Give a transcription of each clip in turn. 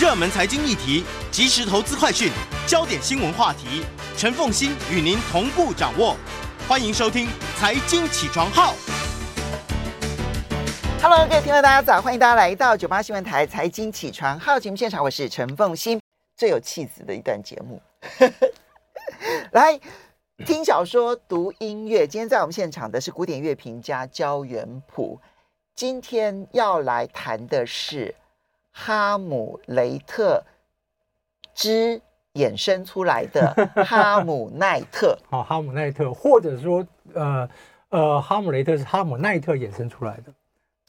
熱門財經議題，即時投資快訊，焦點新聞話題，陳鳳馨與您同步掌握。歡迎收聽《財經起床號》。Hello，各位聽眾，大家早，歡迎大家來到九八新聞臺《財經起床號》節目現場，我是陳鳳馨，最有氣質的一段節目。 來聽小說、讀音樂。今天在我們現場的是古典樂評家焦元溥，今天要來談的是。哈姆雷特之衍生出來的哈姆奈特， 好，哈姆奈特，或者說，呃呃，哈姆雷特是哈姆奈特衍生出來的，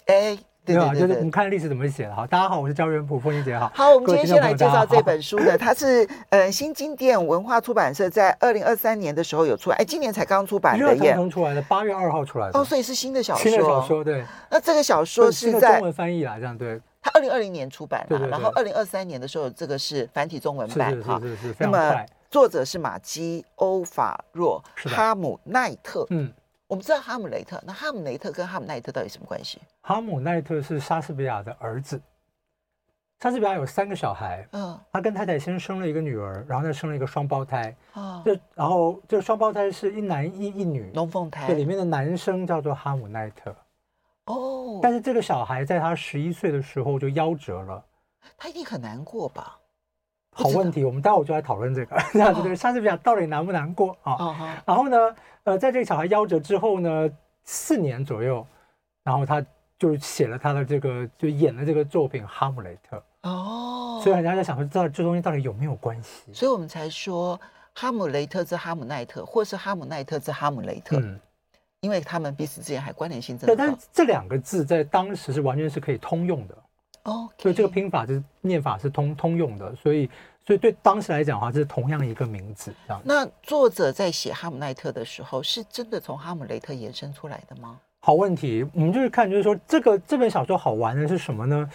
哎、欸，對對對，對，對，就是我們看歷史怎麼寫的哈。大家好，我是焦元溥，鳳馨姐哈。好，我們今天先來介紹這本書的， 它是呃新經典文化出版社在二零二三年的時候有出來，哎，今年才剛出版的耶， 出來的，八月二號出來的，哦，所以是新的小說，新的小說對。那這個小說是在中文翻譯來這樣對。他二零二零年出版了，對對對，然後二零二三年的時候，這個是繁體中文版是是是是是是是是非常快。那麼作者是瑪姬．歐法洛《哈姆奈特》。嗯，我們知道哈姆雷特，那哈姆雷特跟哈姆奈特到底什麼關係？哈姆奈特是莎士比亞的兒子。莎士比亞有三個小孩，嗯，他跟太太先生了一個女兒，然後再生了一個雙胞胎啊、嗯。然後這個雙胞胎是一男一，一女龍鳳胎。對，裡面的男生叫做哈姆奈特。哦、oh，但是這個小孩在他十一歲的時候就夭折了，他一定很難過吧？好問題，我們待會兒就來討論這個，那、oh. 這個莎士比亞到底難不難過啊？Oh, oh. 然後呢，呃，在這個小孩夭折之後呢，四年左右，然後他就寫了他的這個，就演了這個作品《哈姆雷特》。哦、oh. 所以大家在想說，這這東西到底有沒有關係？所以我們才說《哈姆雷特》之《哈姆奈特》，或是《哈姆奈特》之《哈姆雷特》嗯。因為他們彼此之間還關聯性真的高，對，但這兩個字在當時是完全是可以通用的，哦、okay，所以這個拼法就是念法是通通用的，所以所以對當時來講的話，這是同樣一個名字。這樣，那作者在寫《哈姆奈特》的時候，是真的從《哈姆雷特》延伸出來的嗎？好問題，我們就是看，就是說這個這本小說好玩的是什麼呢？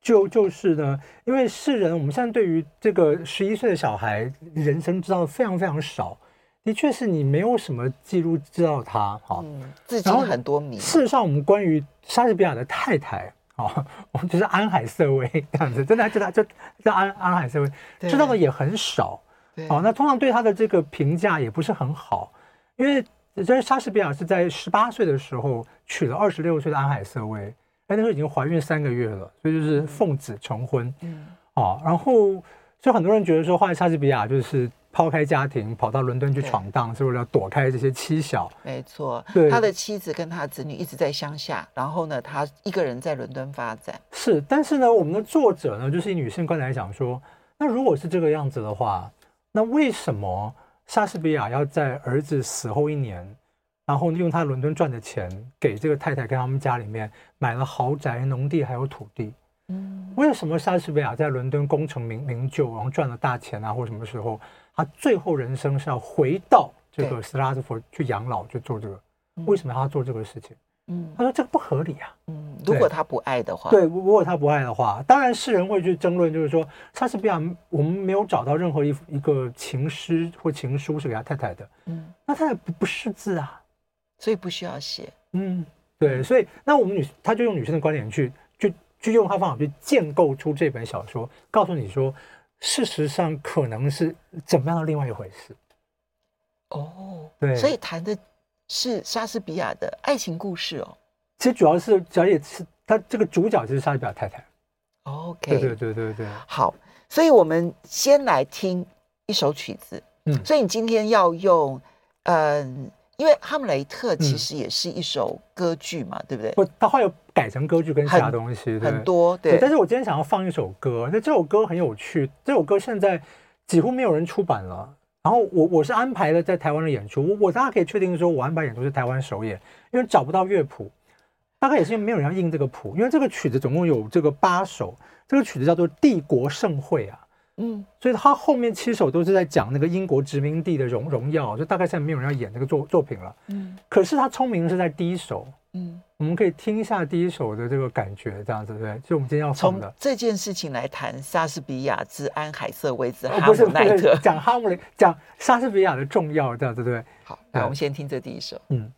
就就是呢，因為世人我們現在對於這個十一歲的小孩人生知道的非常非常少。的確是你沒有什麼記錄知道他哈、嗯，然後很多謎，事實上我們關於莎士比亞的太太哦，我們就是安海瑟薇這樣子，真的就他就叫安安海瑟薇，知道的也很少，好、哦，那通常對他的這個評價也不是很好，因為在莎士比亞是在十八歲的時候娶了二十六歲的安海瑟薇，但那時候已經懷孕三個月了，所以就是奉子成婚，嗯，啊、嗯哦，然後所以很多人覺得說，後來莎士比亞就是。拋開家庭，跑到倫敦去闖蕩，是為了躲開這些妻小。沒錯，對。他的妻子跟他子女一直在鄉下，然後呢，他一個人在倫敦發展。是，但是呢，我們的作者呢，就是以女性觀來講說，那如果是這個樣子的話，那為什麼莎士比亞要在兒子死後一年，然後用他倫敦賺的錢給這個太太跟他們家裡面買了豪宅、農地還有土地？為什麼莎士比亞在倫敦功成名名就，然後賺了大錢啊？或什麼時候，他最後人生是要回到這個 Stratford 去養老，去做這個？嗯、為什麼要他做這個事情？嗯，他說這個不合理啊。嗯，如果他不愛的話，對，如果他不愛的話，當然世人會去爭論，就是說莎士比亞，我們沒有找到任何一一個情詩或情書是給他太太的。嗯，那太太不不識字啊，所以不需要寫。嗯，對，嗯、所以那我們女，他就用女生的觀點去。就用他方法去建構出這本小說，告訴你說，事實上可能是怎麼樣的另外一回事。哦，對，所以談的是莎士比亞的愛情故事哦。其實主要是，主要也是，她這個主角就是莎士比亞太太。OK，對對對對對。好，所以我們先來聽一首曲子。嗯，所以你今天要用，嗯。因為《哈姆雷特》其實也是一首歌劇嘛，嗯、對不對？不，他後來又改成歌劇，跟其他東西，很，對很多對，對。但是我今天想要放一首歌，那這首歌很有趣，這首歌現在幾乎沒有人出版了。然後我我是安排了在台灣的演出，我，我大家可以確定說，我安排演出是台灣首演，因為找不到樂譜，大概也是因為沒有人要印這個譜，因為這個曲子總共有這個八首，這個曲子叫做《帝國盛會》啊。嗯，所以他後面七首都是在講那個英國殖民地的榮榮耀，就大概現在沒有人要演這個作作品了。嗯，可是他聰明是在第一首。嗯，我們可以聽一下第一首的這個感覺，這樣子對不對？就我們今天要從這件事情來談莎士比亞之安海瑟薇之哈姆奈特，講、哦、哈姆雷，講莎士比亞的重要，這樣子對不對？好，我們先聽這第一首。呃、嗯。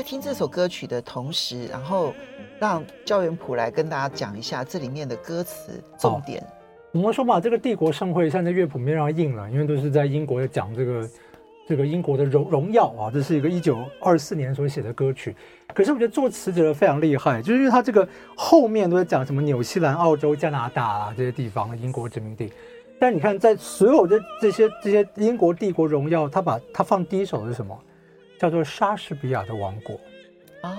在聽這首歌曲的同時，然後讓焦元溥來跟大家講一下這裡面的歌詞、哦、重點。我們說嘛？這個帝國盛會現在樂譜面上印了，因為都是在英國講這個這個英國的榮榮耀啊。這是一個一九二四年所寫的歌曲，可是我覺得作詞者非常厲害，就是因為他這個後面都在講什麼紐西蘭、澳洲、加拿大啊這些地方的英國殖民地。但你看，在所有的這些這些英國帝國榮耀，他把他放第一首是什麼？叫做《莎士比亞的王國》啊、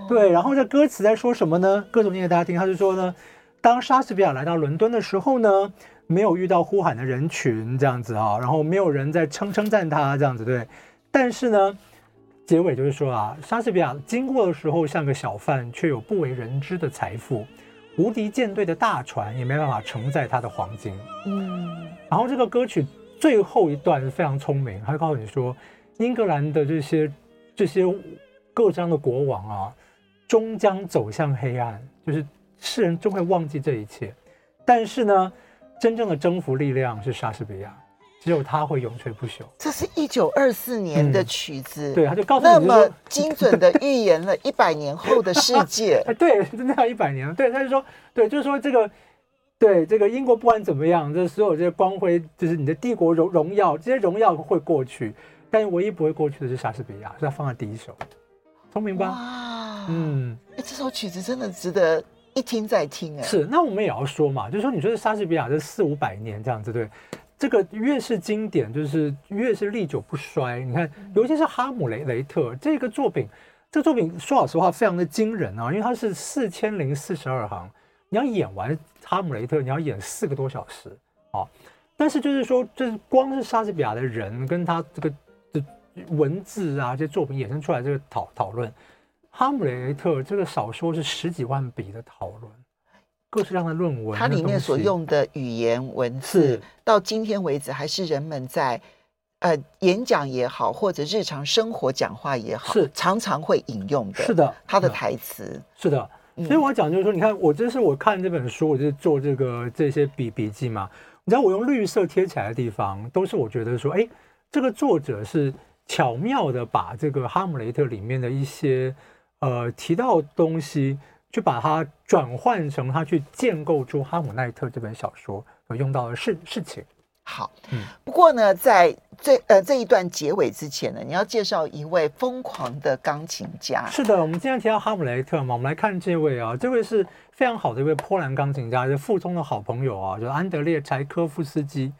oh.，對。然後這歌詞在說什麼呢？各種念給大家聽。他就說呢，當莎士比亞來到倫敦的時候呢，沒有遇到呼喊的人群這樣子啊、哦，然後沒有人在稱稱讚他這樣子，對。但是呢，結尾就是說啊，莎士比亞經過的時候像個小販，卻有不為人知的財富。無敵艦隊的大船也沒辦法承載他的黃金。嗯、mm.。然後這個歌曲最後一段非常聰明，他告訴你說。英格蘭的這些這些各章的國王啊，終將走向黑暗，就是世人終會忘記這一切。但是呢，真正的征服力量是莎士比亞，只有他會永垂不朽。這是一九二四年的曲子，嗯，對，他就告訴我們那麼精準的預言了一百年後的世界。 對，真的要一百年了。對，他就說，對，就是說這個，對這個英國不管怎麼樣，這所有這些光輝，就是你的帝國榮榮耀，這些榮耀會過去。但是唯一不會過去的是莎士比亞，是他放在第一首，聰明吧？嗯，哎、欸，這首曲子真的值得一聽再聽哎。是，那我們也要說嘛，就是說你說的莎士比亞這四五百年這樣子對，這個越是經典就是越是歷久不衰。你看，嗯、尤其是《哈姆雷，雷特》這個作品，這個作品說老實話非常的驚人啊，因為它是四千零四十二行，你要演完《哈姆雷特》，你要演四個多小時啊。但是就是說，這、就是光是莎士比亞的人跟他這個。文字啊，這些作品衍生出來這個討討論，《哈姆雷特》這個少說是十幾萬筆的討論，各式各樣的論文。它裡面所用的語言文字，到今天為止還是人們在，呃，演講也好，或者日常生活講話也好，是常常會引用的。是的，他的台詞。是的，所以我要講就是說，你看，我這是我看這本書，我就是做這個這些筆筆記嘛。你知道，我用綠色貼起來的地方，都是我覺得說，哎、欸，這個作者是。巧妙的把這個《哈姆雷特》裡面的一些，呃，提到東西，去把它轉換成他去建構出《哈姆奈特》這本小說所用到的事事情。好，嗯，不過呢，在這呃這一段結尾之前呢，你要介紹一位瘋狂的鋼琴家。是的，我們今天提到《哈姆雷特》嘛，我們來看這位啊，這位是非常好的一位波蘭鋼琴家，就是傅聰的好朋友啊，就是、安德烈柴科夫斯基。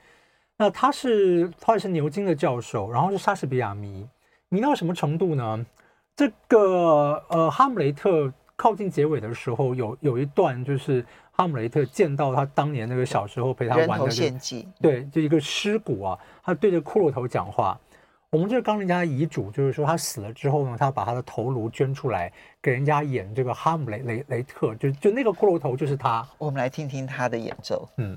那他是，他也是牛津的教授，然後是莎士比亞迷，迷到什麼程度呢？這個呃，哈姆雷特靠近結尾的時候，有有一段就是哈姆雷特見到他當年那個小時候陪他玩的、就是、人頭陷，對，就一個屍骨啊，他對着骷髏頭講話。我們這剛人家的遺囑就是說他死了之後呢，他把他的頭顱捐出來給人家演這個哈姆雷雷雷特，就就那個骷髏頭就是他。我們來聽聽他的演奏，嗯。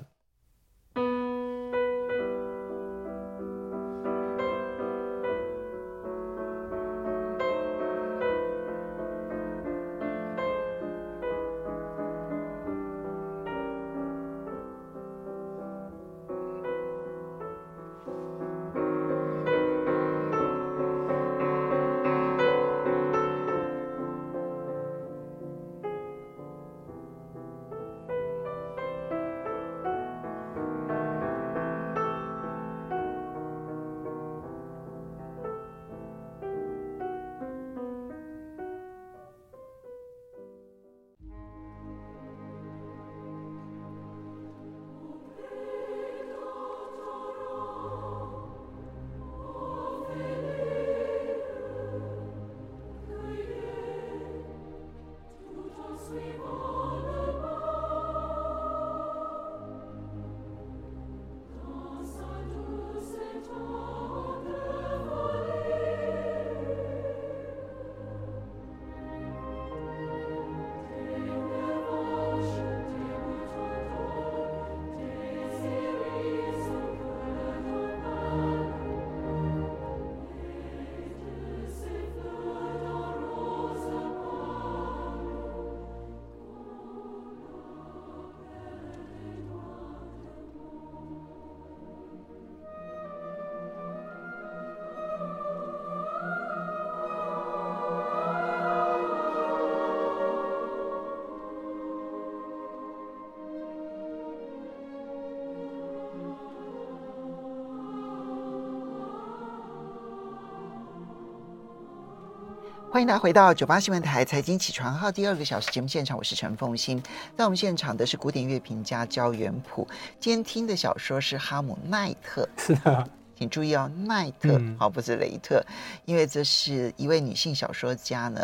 歡迎大家回到九八新聞台財經起床號第二個小時節目現場，我是陳鳳馨。在我們現場的是古典樂評家焦元溥。今天聽的小說是哈姆奈特。是的，請注意哦，奈特，好、嗯哦，不是雷特，因為這是一位女性小說家呢，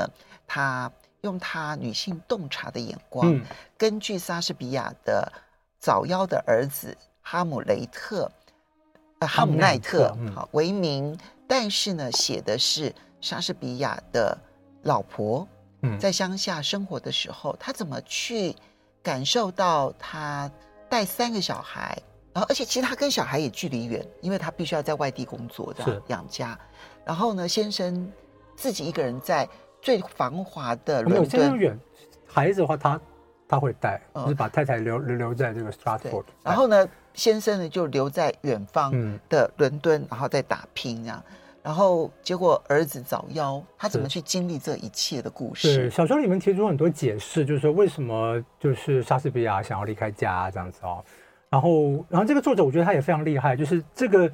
她用她女性洞察的眼光、嗯，根據莎士比亞的早夭的兒子哈姆雷特，呃、哈姆奈特好為、嗯、名，但是呢，寫的是。莎士比亞的老婆在鄉下生活的時候、嗯，他怎麼去感受到他帶三個小孩？然後，而且其實他跟小孩也距離遠，因為他必須要在外地工作這樣養家。然後呢，先生自己一個人在最繁華的倫敦遠孩子的話他，他他會帶、嗯，就是把太太留留在這個 Stratford。然後呢，先生呢就留在遠方的倫敦、嗯，然後再打拼啊然後結果兒子早夭，他怎麼去經歷這一切的故事？對，小說裡面提出很多解釋，就是說為什麼就是莎士比亞想要離開家、啊、這樣子哦。然後，然後這個作者我覺得他也非常厲害，就是這個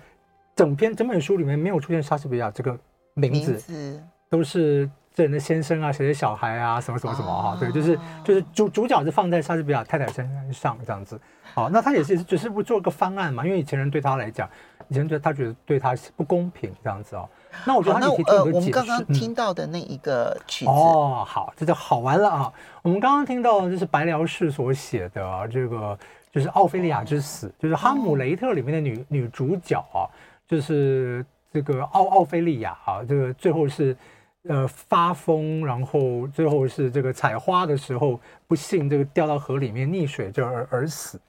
整篇、哦、整本書裡面沒有出現莎士比亞這個名字，名字都是這人的先生啊，誰的小孩啊，什麼什麼什麼哈、啊。對，就是就是主主角是放在莎士比亞太太身上這樣子。好，那他也是只、就是不做個方案嘛，因為以前人對他來講。以前覺得他覺得對他不公平這樣子哦，那我覺得那呃，我們剛剛聽到的那一個曲子哦，好，好，這就好玩了啊。我們剛剛聽到就是白遼士所寫的、啊、這個，就是奧菲利亞之死，就是哈姆雷特裡面的女女主角啊，就是這個奧奧菲利亞啊，這個最後是呃發瘋，然後最後是這個採花的時候不幸這個掉到河裡面溺水就而而死。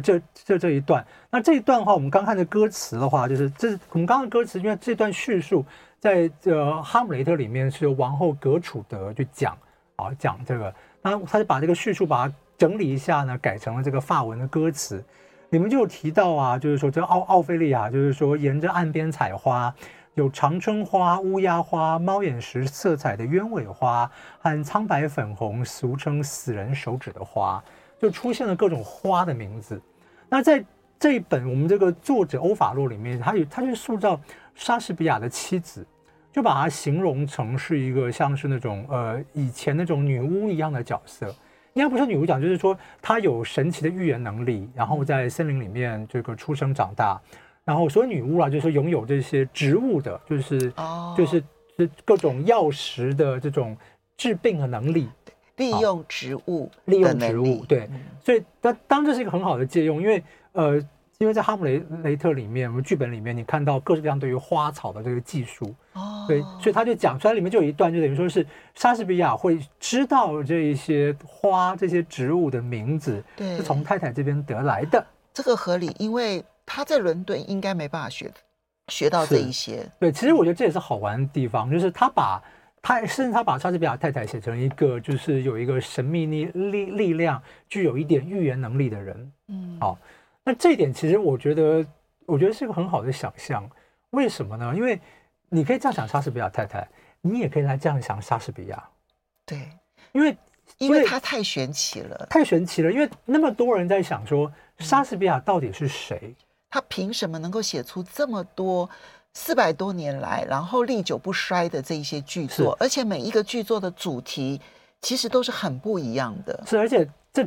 這這這一段，那這一段的話，我們剛看的歌詞的話，就是這是我們剛剛的歌詞，因為這段敘述在這、呃、《哈姆雷特》裡面是由王后格楚德去講，啊講這個，那他就把這個敘述把它整理一下呢，改成了這個法文的歌詞。你們就有提到啊，就是說這奧奧菲利亞，就是說沿着岸邊採花，有長春花、烏鴉花、貓眼石色彩的鳶尾花，和蒼白粉紅，俗稱死人手指的花。就出現了各種花的名字，那在這一本我們這個作者歐法洛裡面，他有他去塑造莎士比亞的妻子，就把它形容成是一個像是那種呃以前那種女巫一樣的角色，應該不是女巫講，就是說她有神奇的預言能力，然後在森林裡面這個出生長大，然後所謂女巫啊，就是說擁有這些植物的，就是就是這各種藥食的這種治病的能力。利用植物，利用植物，對，嗯、所以當當這是一個很好的借用，因為呃，因為在《哈姆雷雷特》裡面，我們劇本裡面你看到各式各樣對於花草的這個技術哦，對，所以他就講出來，裡面就有一段，就等於說是莎士比亞會知道這一些花、嗯、這些植物的名字，對，是從太太這邊得來的，這個合理，因為他在倫敦應該沒辦法學學到這一些，對，其實我覺得這也是好玩的地方，嗯、就是他把。他甚至他把莎士比亞太太寫成一個，就是有一個神秘力力力量，具有一點預言能力的人。嗯，好，那這一點其實我覺得，我覺得是一個很好的想象。為什麼呢？因為你可以這樣想莎士比亞太太，你也可以來這樣想莎士比亞。對，因為因為他太玄奇了，太玄奇了。因為那麼多人在想說，莎士比亞到底是誰？嗯。他憑什麼能夠寫出這麼多？四百多年來，然後歷久不衰的這一些劇作，而且每一個劇作的主題其實都是很不一樣的。是，而且這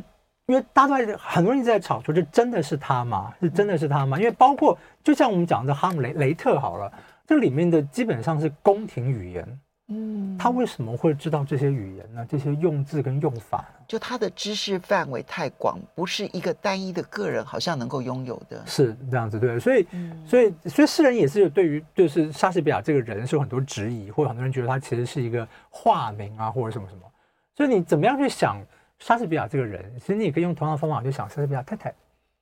因為大家都在很多人一直在吵說，這真的是他嗎？是真的是他嗎？嗯。因為包括就像我們講的《哈姆雷雷特》好了，這裡面的基本上是宮廷語言。嗯，他為什麼會知道這些語言呢？這些用字跟用法，就他的知識範圍太廣，不是一個單一的個人好像能夠擁有的。是這樣子，對。所以，嗯、所以，所以世人也是對於，就是莎士比亞這個人是有很多質疑，或者很多人覺得他其實是一個化名啊，或者什麼什麼。所以你怎麼樣去想莎士比亞這個人，其實你也可以用同樣的方法去想莎士比亞太太。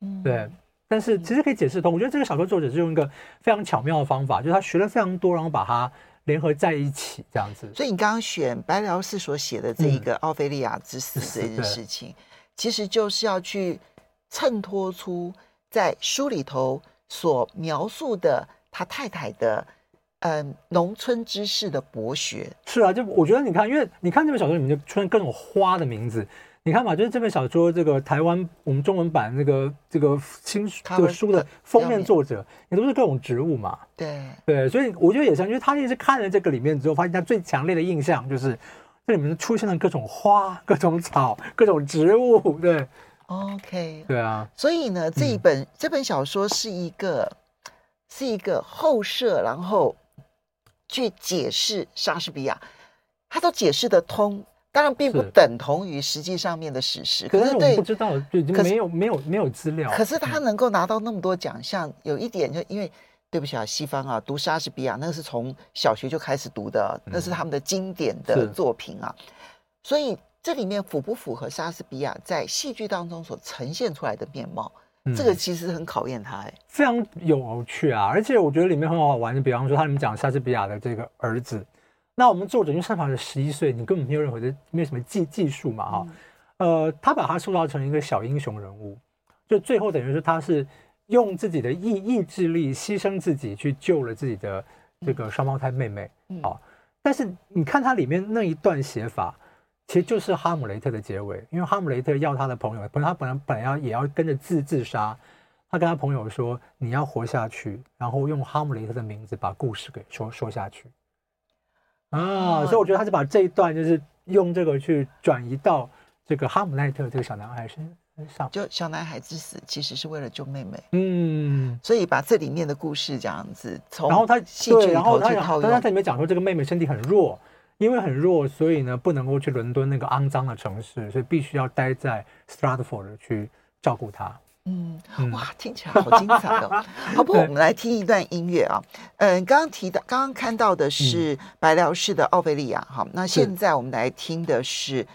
嗯，對。但是其實可以解釋通。我覺得這個小說作者是用一個非常巧妙的方法，就是他學了非常多，然後把它。聯合在一起這樣子，所以你剛剛選白遼士所寫的這一個《奧菲利亞之死》，嗯，這件事情，其實就是要去襯托出在書裡頭所描述的他太太的，嗯、呃，農村知識的博學。是啊，就我覺得你看，因為你看這本小說裡面就出現各種花的名字。你看嘛，就是這本小說，這個台灣我們中文版那個這個新這個書的封面作者也都是各種植物嘛，對對，所以我覺得也像，因為他一直看了這個裡面之後，發現他最強烈的印象就是這裡面出現了各種花、各種草、各種植物，對，OK，對啊，所以呢，這一本這本小說是一個、嗯、是一個後設，然後去解釋莎士比亞，他都解釋得通。當然並不等同於實際上面的史實，是，可是對，是我不知道，沒有沒有沒有資料。可是他能夠拿到那麼多獎項，嗯、有一點就因為對不起啊，西方啊讀莎士比亞，那是從小學就開始讀的，嗯、那是他們的經典的作品啊。所以這裡面符不符合莎士比亞在戲劇當中所呈現出來的面貌，嗯、這個其實很考驗他。非常有趣啊，而且我覺得裡面很好玩，比方說他們講莎士比亞的這個兒子。那我們作者就設法是十一歲，你根本沒有任何的，沒有什麼技技術嘛，哈、嗯，呃，他把他塑造成一個小英雄人物，就最後等於說他是用自己的意意志力犧牲自己去救了自己的這個雙胞胎妹妹，啊、嗯嗯，但是你看它裡面那一段寫法，其實就是哈姆雷特的結尾，因為哈姆雷特要他的朋友，朋友他本來本來要也要跟着自自殺，他跟他朋友說你要活下去，然後用哈姆雷特的名字把故事給說說下去。啊，所以我覺得他是把這一段就是用這個去轉移到這個哈姆奈特這個小男孩身上，就小男孩之死其實是為了救妹妹。嗯，所以把這裡面的故事這樣子從去，然後他戲劇然後他剛剛在裡面講說，這個妹妹身體很弱，因為很弱，所以呢不能夠去倫敦那個骯髒的城市，所以必須要待在 Stratford 去照顧她。嗯，哇，聽起來好精彩哦！ 好不好，我們來聽一段音樂啊。嗯，剛剛提到，剛剛看到的是白遼士的《奧菲利亞》好，那現在我們來聽的是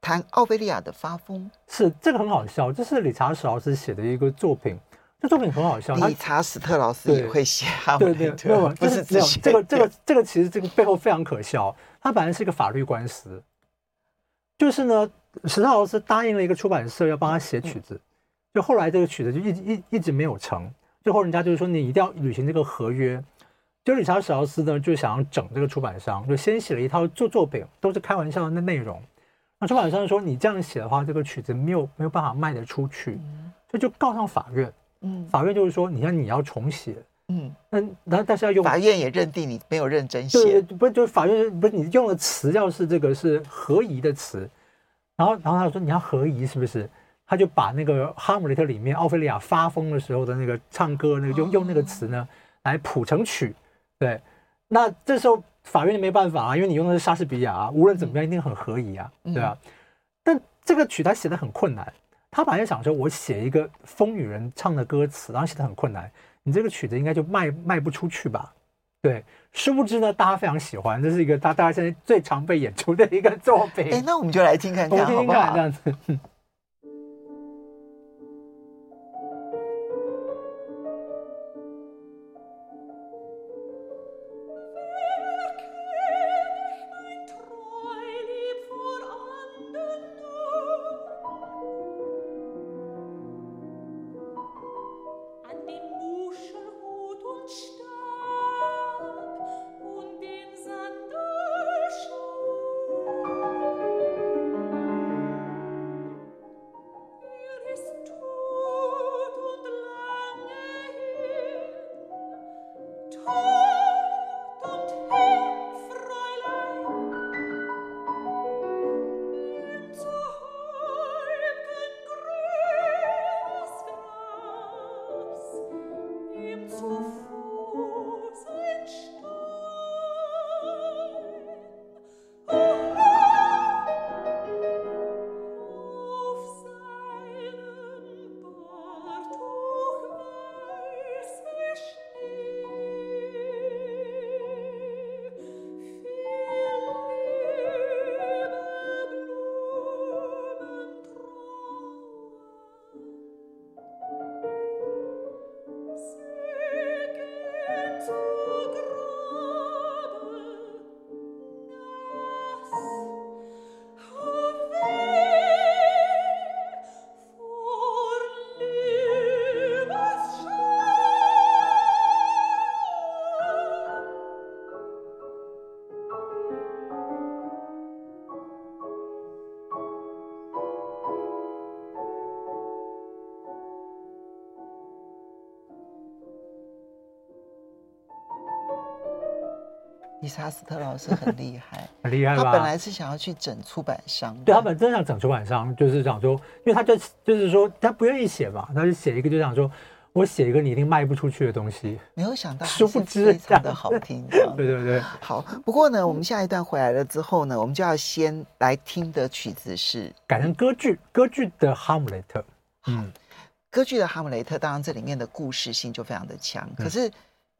談《奧菲利亞》的發瘋。是這個很好笑，這是理查史老師寫的一個作品，這作品很好笑。理查史特勞斯也會笑，對對，對。不是自己。這個這個這個其實這個背後非常可笑，他 本來是一個法律官司，就是呢，史特勞斯答應了一個出版社要幫他寫曲子。嗯嗯就後來這個曲子就一一一直沒有成，最後人家就是說，你一定要履行這個合約。就理查·史特勞斯呢，就想整這個出版商，就先寫了一套做作品，都是開玩笑的內容。那出版商說，你這樣寫的話，這個曲子沒有沒有辦法賣得出去，就就告上法院。嗯，法院就是說你，你看你要重寫。嗯，那然後但是要用法院也認定你沒有認真寫。對，不是就是法院不是你用的詞要是這個是合宜的詞，然後然後他說你要合宜是不是？他就把那個《哈姆雷特》裡面奧菲利亞發瘋的時候的那個唱歌那個，用用那個詞呢來譜成曲。對，那這時候法院就沒辦法啊，因為你用的是莎士比亞啊，無論怎麼樣一定很合宜啊，對啊，但這個曲他寫的很困難，他本來就想說，我寫一個瘋女人唱的歌詞，然後寫的很困難，你這個曲子應該就賣賣不出去吧？對，殊不知呢，大家非常喜歡，這是一個大大家現在最常被演出的一個作品。哎，那我們就來聽看看，聽聽看這樣子。斯特老師很厲害，很厲害。他本來是想要去整出版商，對，他本身想整出版商，就是想說，因為他就就是說，他不願意寫嘛，他就寫一個，就想說，我寫一個你一定賣不出去的東西。沒有想到，殊不知非常的好聽。 對對對。好，不過呢，我們下一段回來了之後呢，我們就要先來聽的曲子是改成歌劇《歌劇的哈姆雷特》嗯。嗯，歌劇的哈姆雷特，當然這裡面的故事性就非常的強，可是。嗯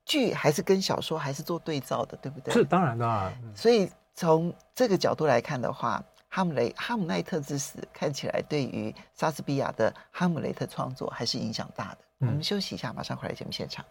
劇還是跟小說還是做對照的，對不對？這當然的、啊嗯。所以從這個角度來看的話，哈姆雷哈姆奈特之死看起來對於莎士比亞的《哈姆雷特》創作還是影響大的、嗯。我們休息一下，馬上回來節目現場。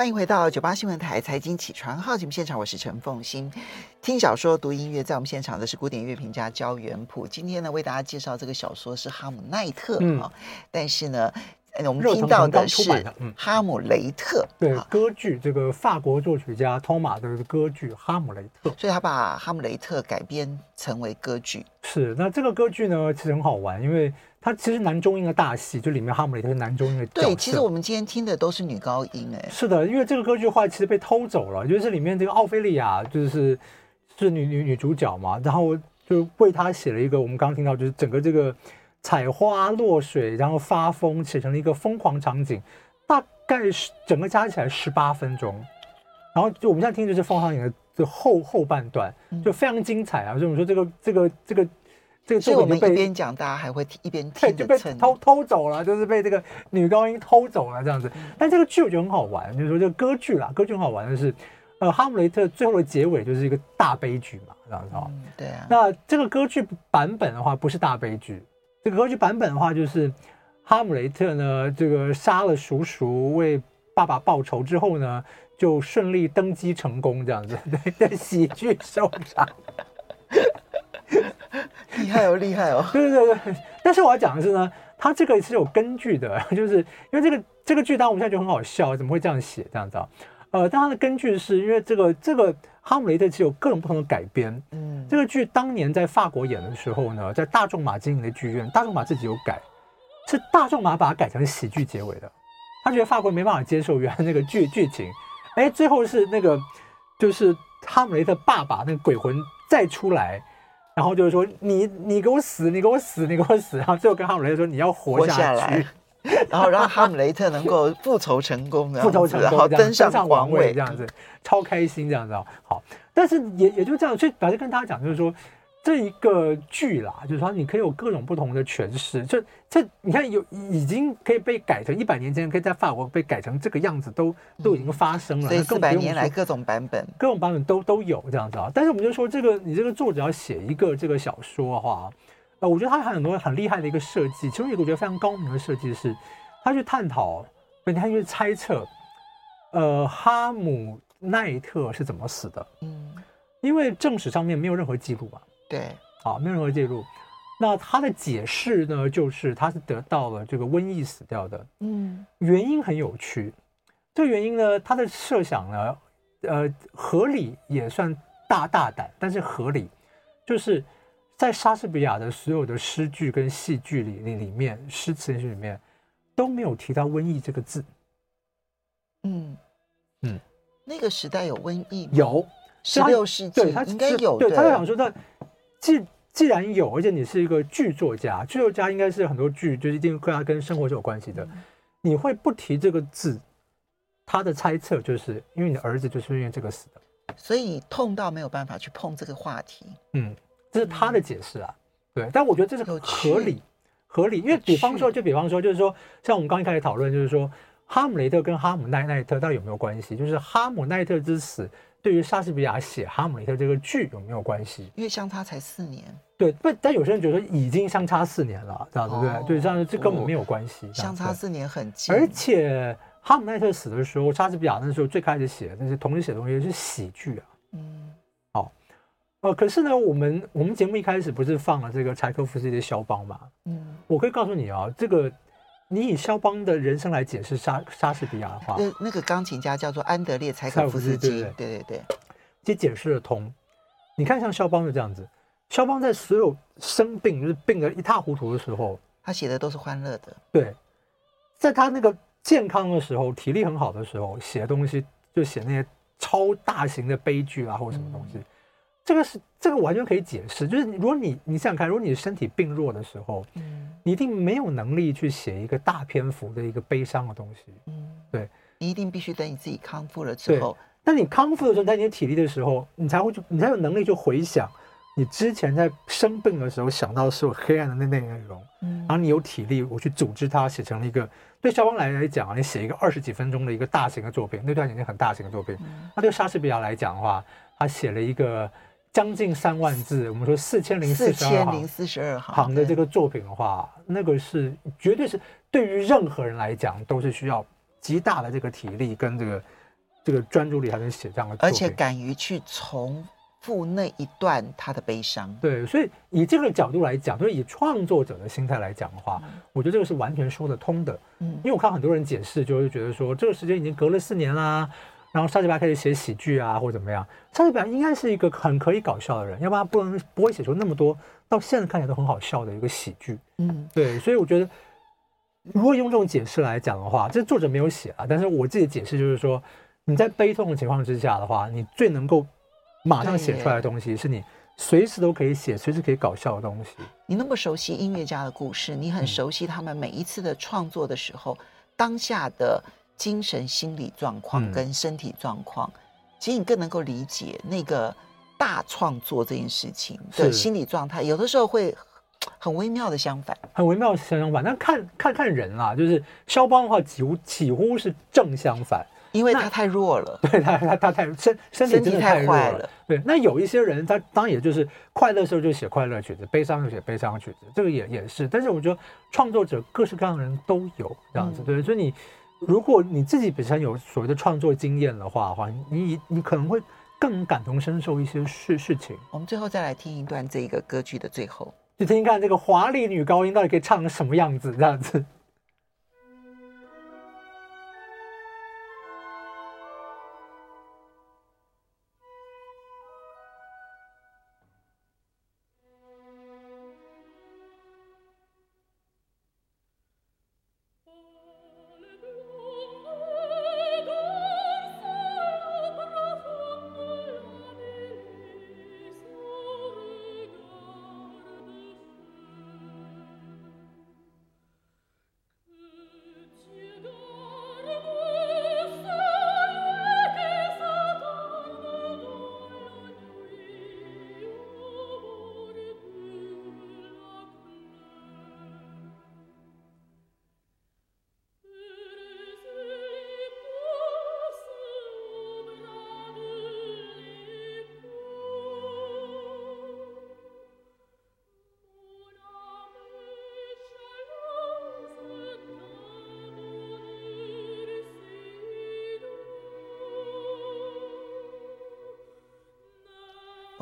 歡迎回到九八新聞台財經起床號節目現場，我是陳鳳馨。聽小說、讀音樂，在我們現場的是古典樂評家焦元溥。今天呢，為大家介紹這個小說是《哈姆奈特》哈、嗯哦，但是呢。哎、我們聽到的是《哈姆雷特》嗯、對歌劇、啊，這個法國作曲家托馬的歌劇《哈姆雷特》，所以他把《哈姆雷特》改編成為歌劇。是，那這個歌劇呢，其實很好玩，因為它其實男中音的大戲，就裡面哈姆雷特是男中音的。對，其實我們今天聽的都是女高音、欸。哎，是的，因為這個歌劇話其實被偷走了，就是裡面這個奧菲利亞就是是女女女主角嘛，然後就為她寫了一個我們剛剛聽到，就是整個這個。採花落水，然後發瘋，寫成了一個瘋狂場景，大概是整個加起來十八分鐘。然後就我們現在聽，就是瘋狂影的這後後半段，就非常精彩啊！就是我們說這個這個這個這個劇我們一邊講，大家還會聽一邊聽。對，就被偷偷走了，就是被這個女高音偷走了這樣子。但這個劇我覺得很好玩，就是說這個歌劇啦，歌劇很好玩的是，呃，哈姆雷特最後的結尾就是一個大悲劇嘛，這樣子。對啊。那這個歌劇版本的話，不是大悲劇。這個歌劇版本的話，就是哈姆雷特呢，這個殺了叔叔為爸爸報仇之後呢，就順利登基成功，這樣子，對，在喜劇收場， 厲害哦，厲害哦。對對對，但是我要講的是呢，他這個是有根據的，就是因為這個這個劇，當我們現在就很好笑，怎麼會這樣寫這樣子啊？呃，但它的根據是因為這個這個《哈姆雷特》其實有各種不同的改編。嗯，這個劇當年在法國演的時候呢，在大仲馬經營的劇院，大仲馬自己有改，是大仲馬把它改成喜劇結尾的。他覺得法國沒辦法接受原來那個劇劇情，哎，最後是那個就是哈姆雷特爸爸那個鬼魂再出來，然後就是說你你給我死，你給我死，你給我死，然後最後跟哈姆雷特說你要活下去。 然後讓哈姆雷特能夠復仇成功，然後然後登上皇位這樣子，超開心這樣子好，好，但是也也就這樣，所以表示跟大家講，就是說這一個劇啦，就是說你可以有各種不同的詮釋，就這你看有已經可以被改成一百年前，可以在法國被改成這個樣子，都都已經發生了，所以幾百年來各種版本，各種版本都都有這樣子啊！但是我們就說這個，你這個作者要寫一個這個小說的話。呃，我覺得他有很多很厲害的一個設計，其中一個我覺得非常高明的設計是，他去探討，本身他去猜測，呃，哈姆奈特是怎麼死的？嗯，因為正史上面沒有任何記錄啊。對，啊，沒有任何記錄。那他的解釋呢，就是他是得到了這個瘟疫死掉的。嗯，原因很有趣，這個原因呢，他的設想呢，呃，合理也算大大膽，但是合理，就是。在莎士比亞的所有的詩句跟戲劇裡裡裡面，詩詞裡面都沒有提到瘟疫這個字。嗯嗯，那個時代有瘟疫嗎？有，十六世紀，他應該有。對，對他在想說，那既既然有，而且你是一個劇作家，劇作家應該是很多劇就是、一定跟他跟生活是有關係的，嗯。你會不提這個字？他的猜測就是，因為你的兒子就是因為這個死的，所以痛到沒有辦法去碰這個話題。嗯。這是他的解釋啊、嗯，對，但我覺得這是合理，合理，因為比方說，就比方說，就是說，像我們剛剛一開始討論，就是說，哈姆雷特跟哈姆奈奈特到底有沒有關係？就是哈姆奈特之死對於莎士比亞寫《哈姆雷特》這個劇有沒有關係？因為相差才四年，對，但但有些人覺得已經相差四年了，對吧？對不對？哦、這樣，這跟我沒有關係。相、哦、差四年很近，而且哈姆奈特死的時候，莎士比亞那時候最開始寫的那些同時寫的東西是喜劇啊，嗯。可是呢，我們我們節目一開始不是放了這個柴可夫斯基、肖邦嘛？嗯，我可以告訴你啊，這個你以肖邦的人生來解釋莎莎士比亞的話，那那個鋼琴家叫做安德烈柴克·柴可夫斯基，對對對，對，其實解釋的通。你看，像肖邦就這樣子，肖邦在所有生病就是病得一塌糊塗的時候，他寫的都是歡樂的。對，在他那個健康的時候，體力很好的時候，寫東西就寫那些超大型的悲劇啊，或者什麼東西。嗯這個是這個完全可以解釋，就是如果你你想想看，如果你身體病弱的時候，嗯，你一定沒有能力去寫一個大篇幅的一個悲傷的東西，嗯，對你一定必須等你自己康復了之後，當你康復的時候，在你體力的時候，你才會去，你才有能力去回想你之前在生病的時候想到的，是我黑暗的那內容，嗯，然後你有體力，我去組織它，寫成了一個，對肖邦來來講啊，你寫一個二十幾分鐘的一個大型的作品，那段已經很大型的作品，嗯，那對莎士比亞來講的話，他寫了一個。將近三萬字，我們說四千零四十二行的這個作品的話，嗯，那個是絕對是對於任何人來講都是需要極大的這個體力跟這個、嗯、這個專注力才能寫這樣的作品，而且敢於去重複那一段他的悲傷。對，所以以這個角度來講，就是以創作者的心態來講的話，嗯、我覺得這個是完全說得通的。嗯，因為我看很多人解釋，就是覺得說這個時間已經隔了四年啦，啊。然後莎士比亞開始寫喜劇啊，或者怎麼樣？莎士比亞應該是一個很可以搞笑的人，要不然不能不會寫出那麼多到現在看起來都很好笑的一個喜劇。嗯，對，所以我覺得，如果用這種解釋來講的話，這作者沒有寫啊，但是我自己解釋就是說，你在悲痛的情況之下的話，你最能夠馬上寫出來的東西，是你隨時，隨時都可以寫、隨時可以搞笑的東西。你那麼熟悉音樂家的故事，你很熟悉他們每一次的創作的時候，嗯、當下的。精神心理狀況跟身體狀況、嗯，其實你更能夠理解那個大創作這件事情的、嗯、心理狀態，有的時候會很微妙的相反，很微妙的相反。但看看看人啊，就是肖邦的話，幾乎幾乎是正相反，因為他，他太弱了，對，他他，他太身身體真的太弱了，太壞了。對，那有一些人，他當然也就是快樂的時候就寫快樂曲子，悲傷就寫悲傷曲子，這個也也是。但是我覺得創作者各式各樣的人都有這樣子，嗯、對，所以你。如果你自己本身有所謂的創作經驗的話，哈，你你可能會更感同身受一些事事情。我們最後再來聽一段這一個歌劇的最後，就聽聽看這個華麗女高音到底可以唱成什麼樣子這樣子。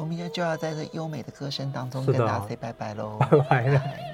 我們明天就要在這優美的歌聲當中跟大家 say 拜拜嘍！拜拜。Bye.